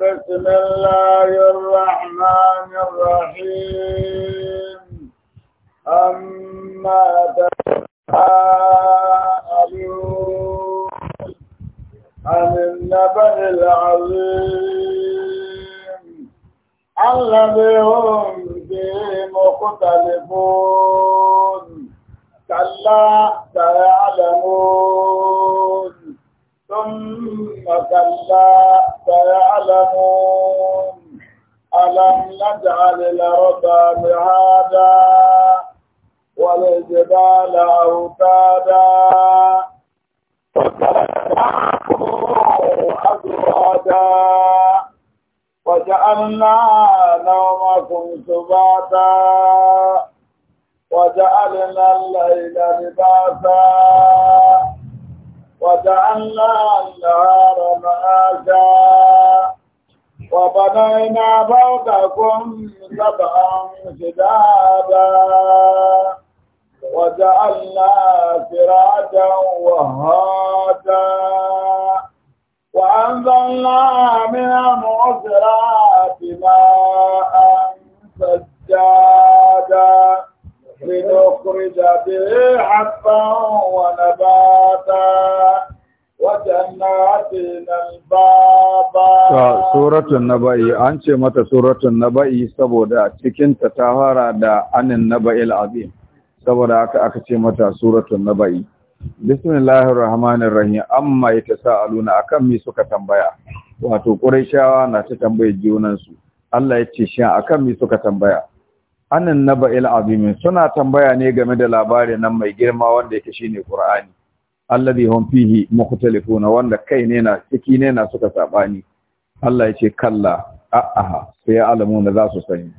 بسم الله الرحمن الرحيم أما تساءلون عن النبأ العظيم الذي هم فيه مختلفون كلا سيعلمون كلا سيعلمون ألم نجعل الأرض مهادا والجبال أوتادا أزرادا وجعلنا نومكم سباتا وجعلنا الليل لباسا وجعلنا النهار معاشا وبنينا فوقكم سبعا شدادا وجعلنا سراجا وهادا وأنزلنا من المعصرات ماء سجادا لنخرج به حبا ونباتا suratun naba'i an ce mata suratun naba'i saboda cikinta ta fara da anin naba'il azim saboda haka aka ce mata suratun naba'i bismillahir rahmanir rahim amma yatasaaluna akan mi suka tambaya wato quraishawa na ta tambaye junan Allah ya ce shin akan mi suka tambaya Anin naba'il azim suna tambaya ne game da labarin nan mai girma wanda yake shine qur'ani alladhi hum fihi mukhtalifuna wanda kai ne na ciki ne na suka sabani Allah yace ce kalla a'aha sai alamuna za su sani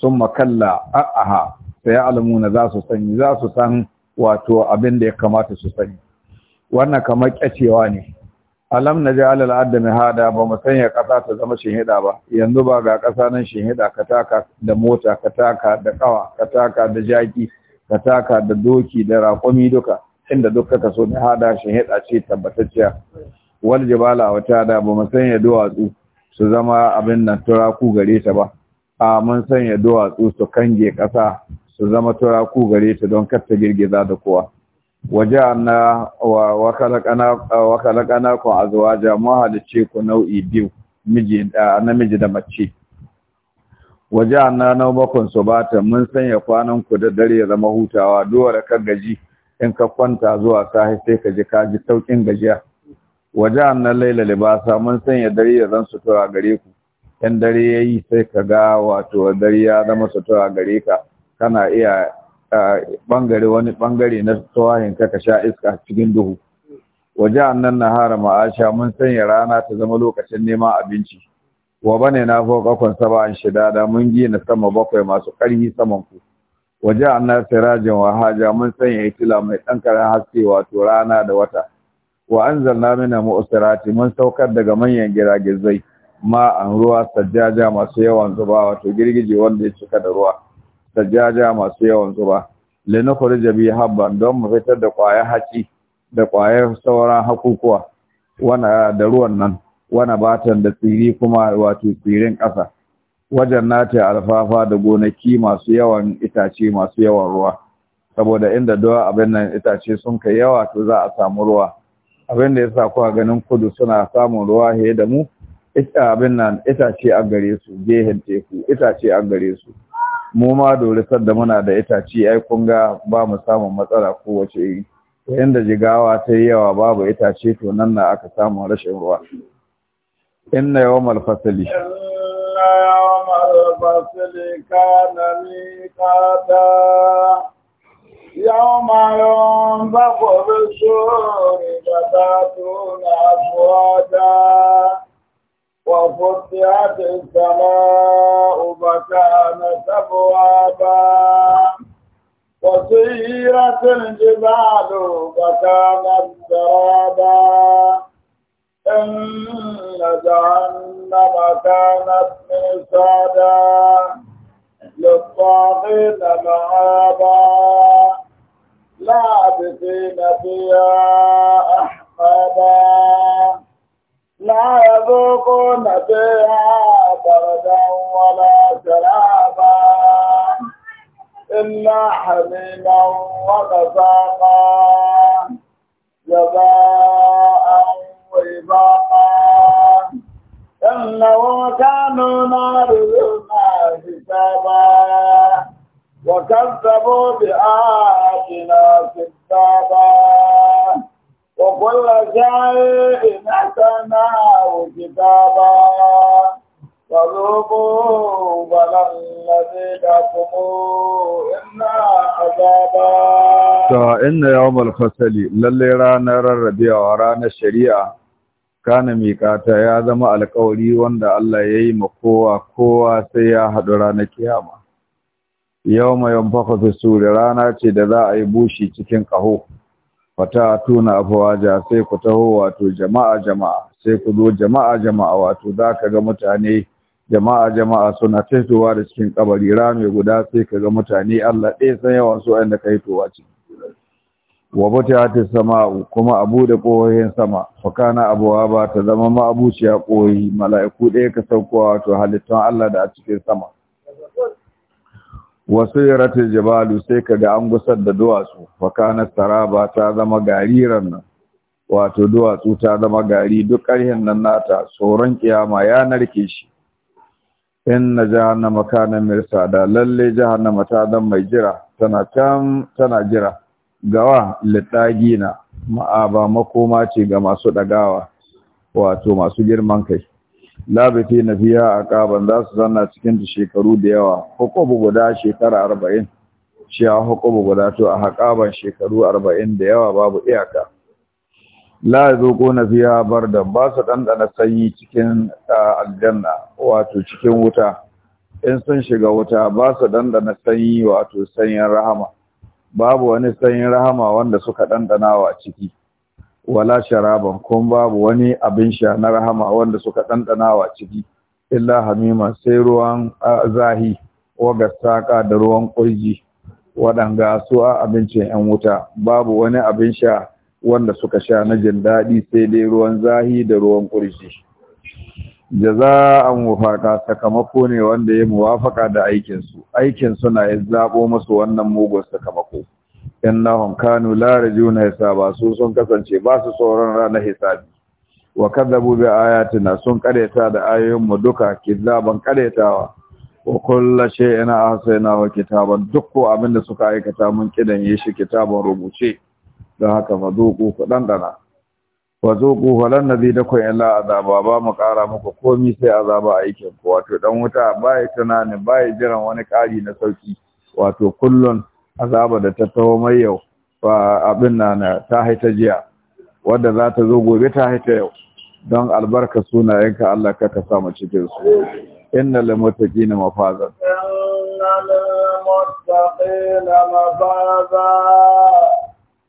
summa kalla a'aha sai alamuna za su sani za su san wato abin da ya kamata su sani wannan kamar kyacewa ne alam naj'al al'adda mihada ba mu sanya kasa ta zama shinhida ba yanzu ba ga kasa nan shinhida ka taka da mota ka taka da kawa ka taka da jaki ka taka da doki da raƙumi duka inda duk ka so ne hada shi hada ce tabbatacciya wal jibala wata da ba mu sanya duwatsu su zama abin nan turaku gare ta ba a mun sanya duwatsu su kange ƙasa su zama ku gare ta don kar ta girgiza da kowa waje'anna wa wakalakana wakalakana ku azwaja halice ku nau'i biyu miji namiji da mace waje'anna nawbakun subata mun sanya kwanan ku da dare ya zama hutawa duwar kan gaji in ka kwanta zuwa sahi sai ka ji ka saukin gajiya waje annan laila libasa mun sanya dare ya zan sutura gare ku in dare ya yi sai ka ga wato dare ya zama sutura gare ka kana iya bangare wani bangare na tsawahin ka sha iska cikin duhu waje annan nahara ma'asha mun sanya rana ta zama lokacin neman abinci wa bane na fokakon saba'an shidada mun gina sama bakwai masu ƙarfi saman ku waje anna sirajin wa haja mun sanya itila mai ɗankarin haske wato rana da wata wa anzalna mina mu'sirati mun saukar daga manyan giragizai ma an ruwa sajjaja masu yawan zuba wato girgije wanda ya cika da ruwa sajjaja masu yawan zuba linukhrij jabi habban don mu fitar da ƙwayar haci da kwayar sauran hakukuwa wana da ruwan nan wana batan da tsiri kuma wato tsirin ƙasa wajen nata alfafa da gonaki masu yawan itace masu yawan ruwa saboda inda dawa abin nan itace sun kai yawa to za a samu ruwa abin da yasa kuwa ganin kudu suna samun ruwa he da mu abin nan itace a gare su gehen teku itace a gare su mu ma dole da muna da itace ai kun ga ba mu samun matsala kowace iri to inda jigawa ta yi yawa babu itace to nan na aka samu rashin ruwa inna yawmal fasali يوم الفصل كان ميقاتا يوم ينفخ في الصور فتاتون أفواجا وفتحت السماء فكانت أبوابا وسيرت الجبال فكانت سرابا إن جهنم كانت مرصادا للطاغين مآبا لابسين فيها أحقابا لا يذوقون فيها بردا ولا شرابا إلا حميما وغساقا جزاء سباقا إنه كانوا نارضنا حسابا وكذبوا بآياتنا كذابا وكل شيء أتناه كتابا فذوقوا ولن نزيدكم إلا عذابا فإن يوم الفصل للي رانا الربيع ورانا الشريعة kana miƙata ya zama alƙawari wanda Allah ya yi ma kowa kowa sai ya haɗu ranar kiyama yau mai yamfaka fi suri rana ce da za a yi bushi cikin ƙaho fata tuna afuwaja sai ku taho wato jama'a jama'a sai ku zo jama'a jama'a wato za ka ga mutane jama'a jama'a suna taitowa da cikin kabari rami guda sai ka ga mutane Allah ɗaya san yawan su waɗanda ka yi towa ciki wa butiyati sama'u kuma abu da kohoyin sama fakana abuwa ba ta zama ma'abuciya kohoyi mala'iku ɗaya ka saukowa wato halittun Allah da a cikin sama wasu yaratul jibalu sai kaga an gusar da duwatsu fakana saraba ta zama gariran nan wato duwatsu ta zama gari duk ƙarhin nan nata tsoron kiyama yanar narke shi In na jahannama mirsa mirsada lalle jahannama ta zama mai jira tana can tana jira gawa littagina ma'aba makoma ce ga masu ɗagawa wato masu girman kai labete na fiya a ƙaban za su zanna cikin da shekaru da yawa hukubu guda shekara arba'in shi a hukubu guda to a haƙaban shekaru arba'in da yawa babu iyaka la ko na fiya da ba su ɗanɗana sanyi cikin aljanna wato cikin wuta in sun shiga wuta ba su ɗanɗana sanyi wato sanyin rahama babu wani sanyin rahama wanda suka ɗanɗanawa a ciki wala sharaban kun babu wani abin sha na rahama wanda suka ɗanɗanawa a ciki illa hamima sai ruwan zahi waga saƙa da ruwan ƙurji waɗanga su a abincin 'yan wuta babu wani abin sha wanda suka sha na jin daɗi sai dai ruwan zahi da ruwan ƙurji jaza'an wafaka sakamako ne wanda ya muwafaka da aikinsu aikinsu na ya zaɓo masu wannan mugun sakamako innahum kanu la yarjuna hisaba su sun kasance ba su tsoron ranar hisabi wa kadzabu bi ayatina sun kareta da ayoyin mu duka kizaban karetawa wa kullu shay'in wa kitaban duk ko abinda suka aikata mun kidan yi shi kitabun rubuce don haka duku ku dandana wa nabi da nazidakum illa azaba ba mu kara muku komi sai azaba aikin ku wato dan wuta bai tunani bai jiran wani kari na sauki wato kullun azaba da ta taho mai yau fa abin nan ta haita jiya wadda za ta zo gobe ta haita yau don albarka sunayenka Allah ka ka samu cikin su innal muttaqina mafazan innal muttaqina mafazan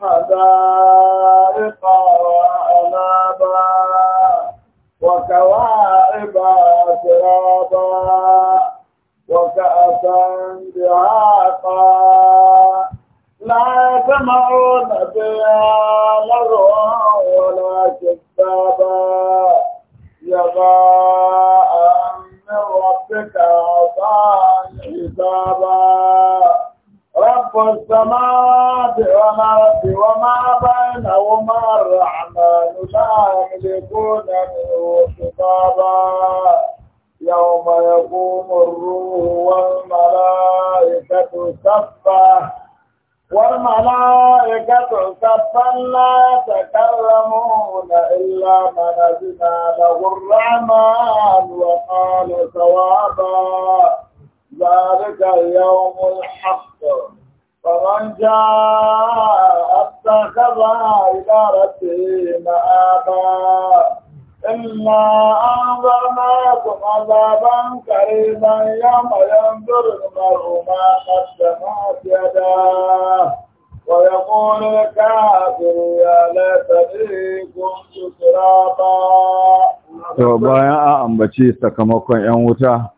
hadaiqa شرابا وكأسا دهاقا لا يسمعون فيها لغوا ولا كتابا جزاء من ربك عطاء حسابا رب السماوات والأرض وما بينهما الرحمن لا يملكون منه خطابا يوم يقوم الروح والملائكة صفا والملائكة صفا لا يتكلمون إلا من أذن له الرحمن وقال صوابا ذلك يوم الحق فمن جاء اتخذ إلى ربه مآبا Inna an zama kuma zaben kare zan yamma yan durma roma kasta mafi yada, wa ya kone ka biyu ya lata ne kun sutura ba. To bayan an ambaci sakamakon 'yan wuta,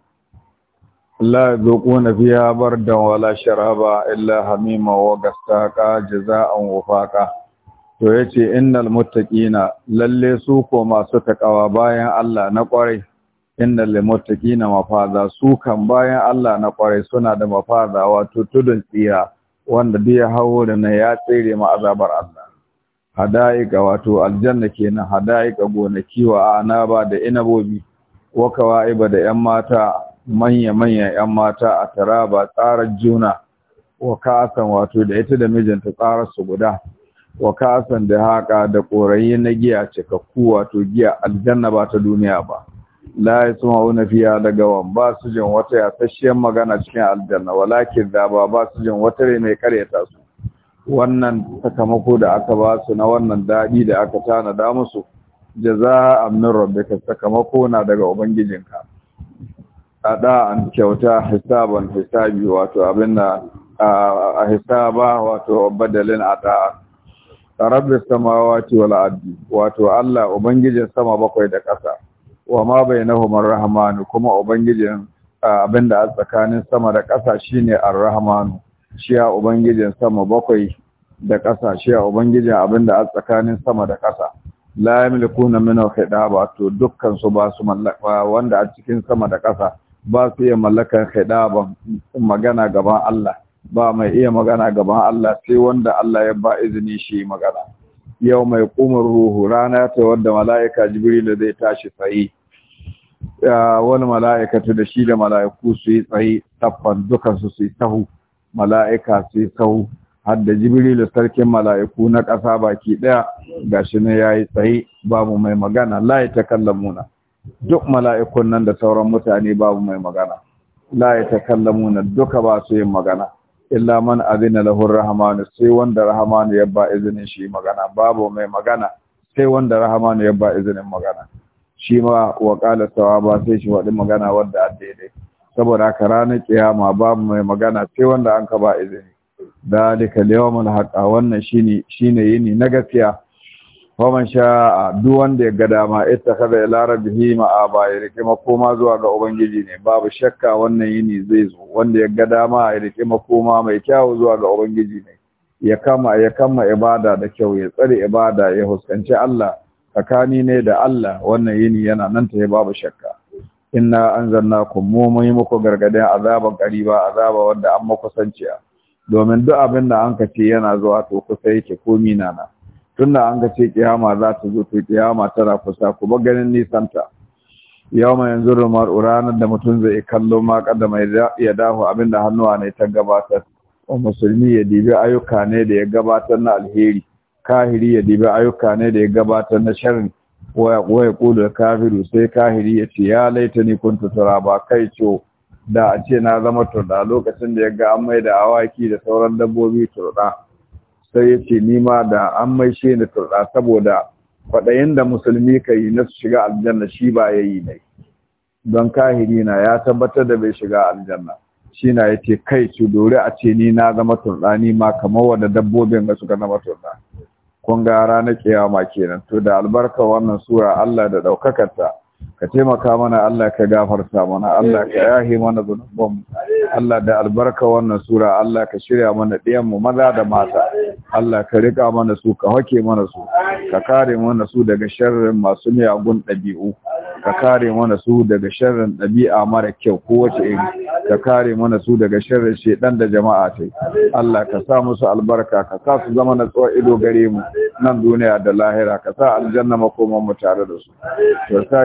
La zoƙo na biya bar dan wala sharaba illa hamima wa gasta ka jaza an wufaka. to ya ce innal muttaqina lalle su ko masu takawa bayan Allah na kwarai innal muttaqina mafaza su kan bayan Allah na kwarai suna da mafaza wato tudun tsira wanda biya hawo da na ya tsere ma azabar Allah hada'ika wato aljanna kenan hada'ika gonaki wa anaba da inabobi wa kawaiba da yan mata manya manya yan mata a taraba tsarar juna wa kasan wato da ita da mijinta tsararsu guda wa kasan da haka da korayi na giya cikakku wato giya aljanna ba ta duniya ba la yasma'una daga wan ba su jin wata yasasshiyar magana cikin aljanna walakin daba ba su jin wata rai mai karyata su wannan sakamako da aka ba su na wannan daɗi da aka tanada musu jaza'an min rabbika sakamako na daga ubangijinka ada an kyauta hisaban hisabi wato abinda a hisaba wato badalin ada'a rabbis samawati wal ardi wato Allah ubangijin sama bakwai da ƙasa wa ma bainahumar rahmanu kuma ubangijin abinda a tsakanin sama da ƙasa shine ar-rahmanu shi ubangijin sama bakwai da ƙasa shi ya ubangijin abinda a tsakanin sama da ƙasa la yamlikuna minhu khidaba to dukkan su mallaka wanda a cikin sama da ƙasa basu su iya mallakan khidaban magana gaban Allah ba mai iya magana gaban Allah sai wanda Allah ya ba izini shi magana yau mai kumar ruhu rana ta wanda mala'ika jibril zai tashi tsayi wani mala'ikatu da shi da mala'iku su yi tsayi tafan dukansu su yi tahu mala'ika su yi tahu har da jibrilu sarkin mala'iku na ƙasa baki ɗaya ga shi ne ya yi tsaye babu mai magana layi ta kallon muna duk mala'ikun nan da sauran mutane babu mai magana layi ta kallon muna duka ba su yin magana illa man azina lahu rahmanu sai wanda rahmanu ya ba izinin shi magana babu mai magana sai wanda rahmanu ya ba izinin magana shi ma wa qala sawaba sai shi wadi magana wanda a daidai saboda haka ranar kiyama babu mai magana sai wanda an ka ba izini dalika liyawmul haqa wannan shine shine yini na gaskiya faman sha'a duk wanda ya ga dama ittakhadha ila rabbihi ma'aba ya rike makoma zuwa ga ubangiji ne babu shakka wannan yini zai zo wanda ya ga dama ya rike makoma mai kyau zuwa ga ubangiji ne ya kama ya kama ibada da kyau ya tsare ibada ya huskanci Allah tsakani ne da Allah wannan yini yana nan ta babu shakka inna anzalnakum mu mai muku gargadin azaban ba azaba wanda an makusanciya domin duk abin da an kace yana zuwa to kusa yake komi na. tunda an ga ce kiyama za ta zo to kiyama tana kusa kuma ganin nisanta yau mai yanzu rumar ranar da mutum zai kallo ma mai ya abin abinda hannuwa ne ta gabatar wa musulmi ya dibi ayyuka ne da ya gabatar na alheri kahiri ya dibi ayyuka ne da ya gabatar na sharri wa ya da kafiru sai kahiri ya ce ya laita ni tutura ba kai ciwo da a ce na zama turda lokacin da ya ga an mai da awaki da sauran dabbobi turda sai ya ce nima da an mai shi ni turɗa saboda kwaɗayin da musulmi ka yi na su shiga aljanna shi ba ya yi ne don kahiri na ya tabbatar da bai shiga aljanna shi na ya ce kai su dori a ce ni na zama turɗa ni ma kamar wanda dabbobin ga suka zama turɗa kun ga ranar kiyama kenan to da albarka wannan sura Allah da ɗaukakarta ka taimaka mana Allah ka gafarta mana Allah ka yahi mana zunubanmu Allah da albarka wannan sura Allah ka shirya mana ɗiyanmu maza da mata Allah ka riƙa mana su ka hake mana su ka kare mana su daga sharrin masu miyagun ɗabi'u ka kare mana su daga sharrin ɗabi'a mara kyau ko wace iri ka kare mana su daga sharrin shedan da jama'a ce Allah ka sa musu albarka ka sa su zama na tsawon ido gare mu nan duniya da lahira ka sa aljanna makoman mu tare da su